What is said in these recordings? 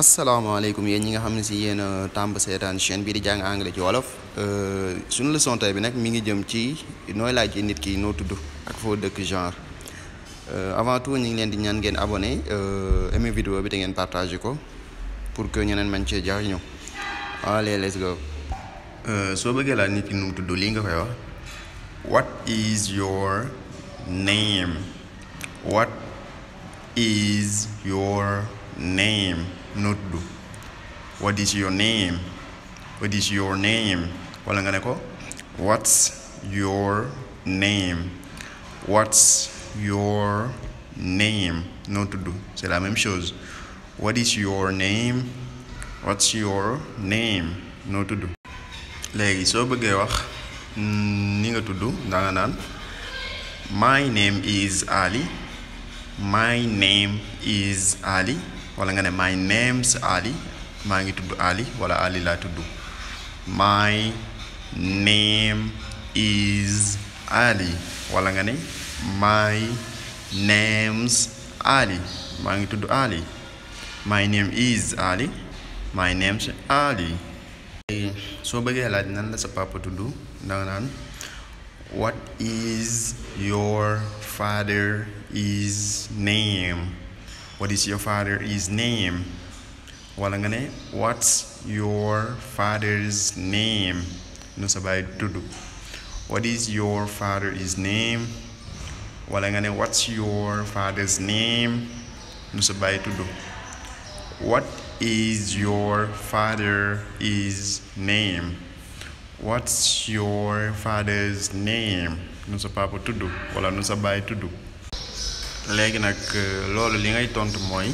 asalaamaaleykum yéen ñi nga xam ne si yéen a tàmb seetaan chaîne bii di jàng anglais ci wolof euh, suñu leçon tey bi nag mi ngi jëm ci nooy laaj nit ki noo tudd ak foo dëkk genre euh, avant tout ñu ngi leen di ñaan ngeen abone euh, aimé vidéo bi dangeen ngeen partagé ko pour que ñeneen man cee jariñu allez let's go soo bëggee laa nit ki nu mu tudd lii nga koy wax what is your name what is your name noddu what is your name what is your name wala nga ne ko what's your name what's your name noo tudd c'est la même chose what is your name what's your name noo tudd léegi soo bëggee wax ni nga tudd danga naan my name is Ali my name is Ali wala nga ne my name's Ali maa ngi tudd Ali wala Ali laa tudd my name is Ali wala nga ne maa ngi tudd Ali my name is Ali my name's Ali soo bëggee laaj nan la sa papa tudd danga naan what is your father is name what is your father's name wala nga ne what's your father's name nu sa baay tudd what is your father's name wala nga ne what's your father's name nu sa baay tudd what is your father's name what's your father's name nu sa papa tudd wala nu sa baay tudd léegi nag euh, loolu li ngay tontu mooy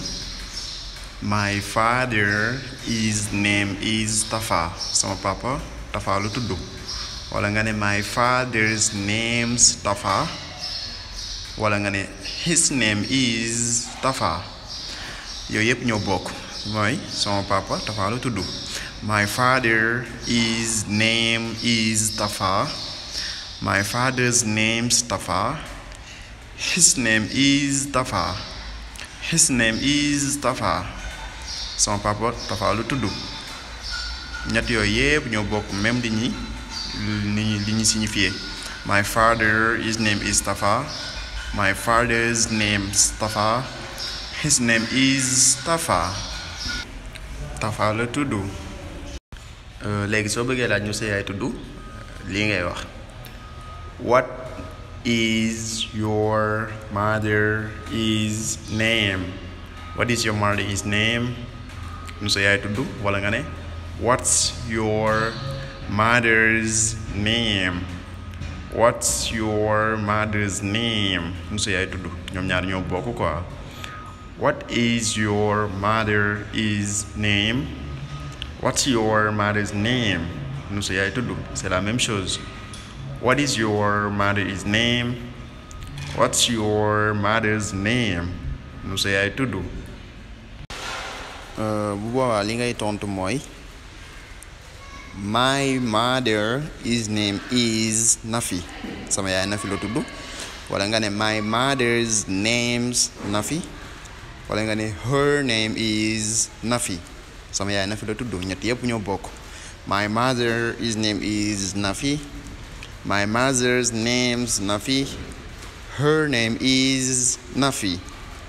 my father is name is Tafa sama papa Tafa lu tudd walla nga ne my father's name's Tafa wala nga ne his name is Tafa yooyu yëpp ñoo bokk mooy sama papa Tafa lu tudd my father is name is Tafa my father's name's Tafa His name is Tafa. His name is Tafa. son papa Tafa lu tudd ñett yooyu yëpp ñoo bokk même li ñuy li ñuy signifié my father his name is Tafa my father's name is his name is Tafa. Tafa la tudd. Euh, léegi soo bëggee laaj ñu sa tudd lii ngay wax is your mother's name what is your mother's name nu sa yaay tudd wala nga ne what's your mother's name what's your mother's name nu sa yaay tudd ñoom ñaar ñoo bokk quoi what is your mother's name what's your mother's name nu sa yaay tudd c'est la même chose What is your mother's name? What's uh, bu boobaa li ngay tontu mooy. my mother is name is Nafi sama yaay Nafi la tudd wala nga ne wala nga ne her Nafi la tudd ñett yëpp ñoo bokk my mother is name is Nafi. My mother's name's Nafi her name is Nafi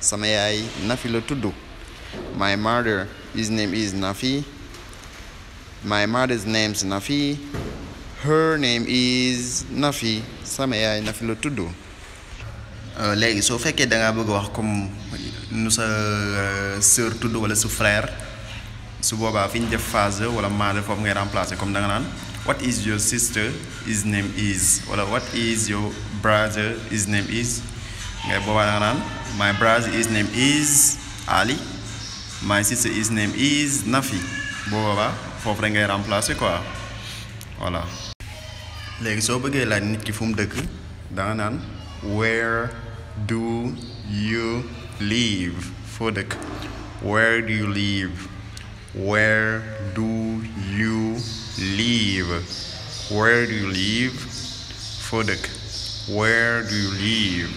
sama yaay Nafi la tudd my mother his name is Nafi my mother's name's Nafi her name is Nafi sama yaay Nafi la tudd. Euh, léegi soo fekkee danga ngaa bëgg a wax comme nu sa euh, sœur tudd wala su frère su boobaa fi ñu def phase wala maa foofu ngay remplacer comme da naan. what is your sister his name is wala what is your brother his name is ngay boobaa danga naan my brother his name is Ali my sister his name is Nafi boobaa foofu rek ngay remplacer quoi voilà. léegi soo bëggee laaj nit ki fu mu dëkk danga where do you live foo dëkk where do you live where do live where do you live foo dëkk where do you live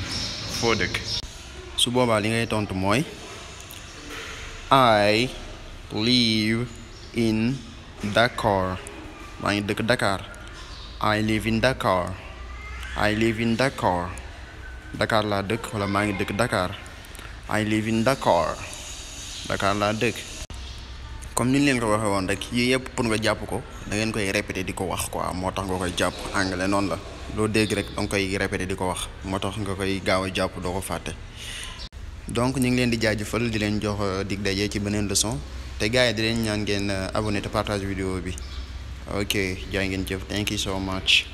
foo dëkk su boobaa li ngay tontu mooy I live in Dakar maa ngi dëkk Dakar I live in Dakar I live in Dakar Dakar laa dëkk wala maa ngi dëkk Dakar I live in Dakar Dakar laa dëkk comme ni leen ko waxee woon rek yii yëpp pour nga jàpp ko dangeen koy répété di ko wax quoi moo tax nga koy jàpp anglais noonu la loo dégg rek da nga koy répété di ko wax moo tax nga koy gaaw a jàpp doo ko fàtte. donc ñu ngi leen di jaajëfal di leen jox euh, dig daje ci beneen leçon te gars yi di leen ñaan ngeen euh, abonné te partage vidéo bi ok jaay ngeen jëf thank you so much.